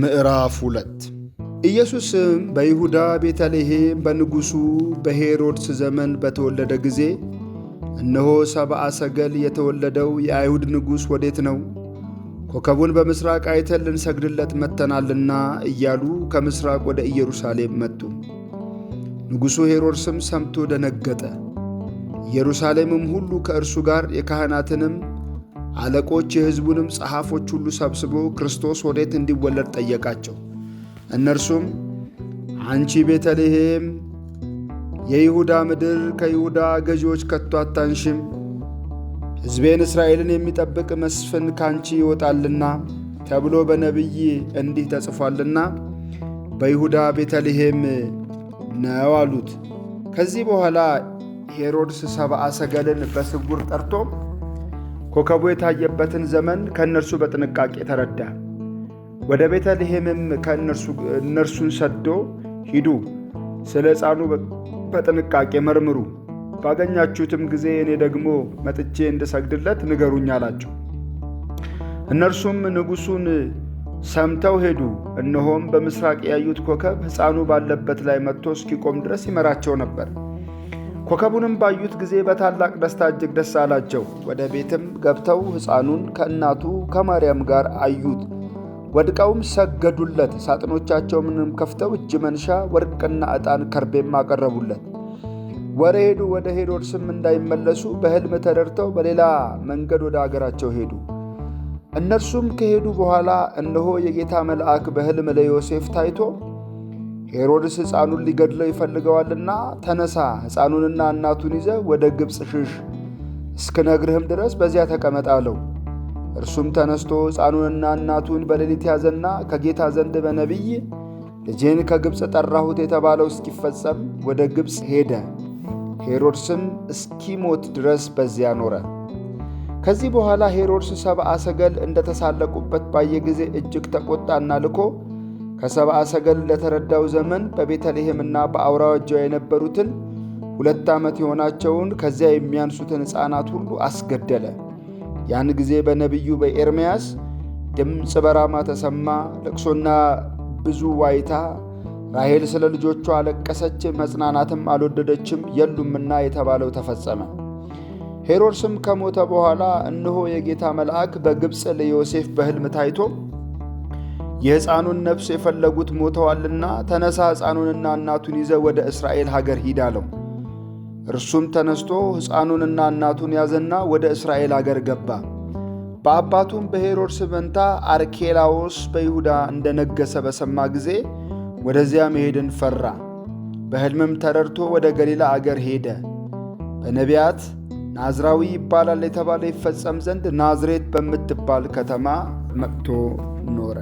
ምዕራፍ ሁለት ኢየሱስም በይሁዳ ቤተልሔም በንጉሡ በሄሮድስ ዘመን በተወለደ ጊዜ እነሆ ሰብአ ሰገል የተወለደው የአይሁድ ንጉሥ ወዴት ነው? ኮከቡን በምሥራቅ አይተን ልንሰግድለት መጥተናልና እያሉ ከምሥራቅ ወደ ኢየሩሳሌም መጡ። ንጉሡ ሄሮድስም ሰምቶ ደነገጠ። ኢየሩሳሌምም ሁሉ ከእርሱ ጋር የካህናትንም አለቆች የሕዝቡንም ጸሐፎች ሁሉ ሰብስቦ ክርስቶስ ወዴት እንዲወለድ ጠየቃቸው። እነርሱም አንቺ ቤተልሔም የይሁዳ ምድር ከይሁዳ ገዢዎች ከቶ አታንሽም፣ ሕዝቤን እስራኤልን የሚጠብቅ መስፍን ካንቺ ይወጣልና ተብሎ በነቢይ እንዲህ ተጽፏልና በይሁዳ ቤተልሔም ነው አሉት። ከዚህ በኋላ ሄሮድስ ሰብአ ሰገልን በስጉር ጠርቶ ኮከቡ የታየበትን ዘመን ከእነርሱ በጥንቃቄ ተረዳ። ወደ ቤተልሔምም እነርሱን ሰዶ ሂዱ፣ ስለ ሕፃኑ በጥንቃቄ መርምሩ፣ ባገኛችሁትም ጊዜ እኔ ደግሞ መጥቼ እንድሰግድለት ንገሩኝ አላቸው። እነርሱም ንጉሡን ሰምተው ሄዱ። እነሆም በምሥራቅ ያዩት ኮከብ ሕፃኑ ባለበት ላይ መጥቶ እስኪቆም ድረስ ይመራቸው ነበር። ኮከቡንም ባዩት ጊዜ በታላቅ ደስታ እጅግ ደስ አላቸው። ወደ ቤትም ገብተው ሕፃኑን ከእናቱ ከማርያም ጋር አዩት። ወድቀውም ሰገዱለት። ሳጥኖቻቸውንም ከፍተው እጅ መንሻ ወርቅና ዕጣን ከርቤም አቀረቡለት። ወደ ሄዱ ወደ ሄሮድስም እንዳይመለሱ በሕልም ተደርተው በሌላ መንገድ ወደ አገራቸው ሄዱ። እነርሱም ከሄዱ በኋላ እነሆ የጌታ መልአክ በሕልም ለዮሴፍ ታይቶ ሄሮድስ ሕፃኑን ሊገድለው ይፈልገዋልና ተነሳ፣ ሕፃኑንና እናቱን ይዘ ወደ ግብፅ ሽሽ፣ እስክነግርህም ድረስ በዚያ ተቀመጥ አለው። እርሱም ተነስቶ ሕፃኑንና እናቱን በሌሊት ያዘና ከጌታ ዘንድ በነቢይ ልጄን ከግብፅ ጠራሁት የተባለው እስኪፈጸም ወደ ግብፅ ሄደ። ሄሮድስም እስኪሞት ድረስ በዚያ ኖረ። ከዚህ በኋላ ሄሮድስ ሰብአ ሰገል እንደተሳለቁበት ባየ ጊዜ እጅግ ተቆጣና ልኮ ከሰብአ ሰገል ለተረዳው ዘመን በቤተልሔምና በአውራጃዋ የነበሩትን ሁለት ዓመት የሆናቸውን ከዚያ የሚያንሱትን ሕፃናት ሁሉ አስገደለ። ያን ጊዜ በነቢዩ በኤርምያስ ድምፅ በራማ ተሰማ፣ ልቅሶና ብዙ ዋይታ። ራሄል ስለ ልጆቿ አለቀሰች፣ መጽናናትም አልወደደችም የሉምና የተባለው ተፈጸመ። ሄሮድስም ከሞተ በኋላ እነሆ የጌታ መልአክ በግብፅ ለዮሴፍ በሕልም ታይቶ የሕፃኑን ነፍስ የፈለጉት ሞተዋልና ተነሳ፣ ሕፃኑንና እናቱን ይዘ ወደ እስራኤል ሀገር ሂድ አለው። እርሱም ተነስቶ ሕፃኑንና እናቱን ያዘና ወደ እስራኤል አገር ገባ። በአባቱም በሄሮድስ ፈንታ አርኬላዎስ በይሁዳ እንደነገሰ በሰማ ጊዜ ወደዚያ መሄድን ፈራ። በሕልምም ተረድቶ ወደ ገሊላ አገር ሄደ። በነቢያት ናዝራዊ ይባላል የተባለ ይፈጸም ዘንድ ናዝሬት በምትባል ከተማ መጥቶ ኖረ።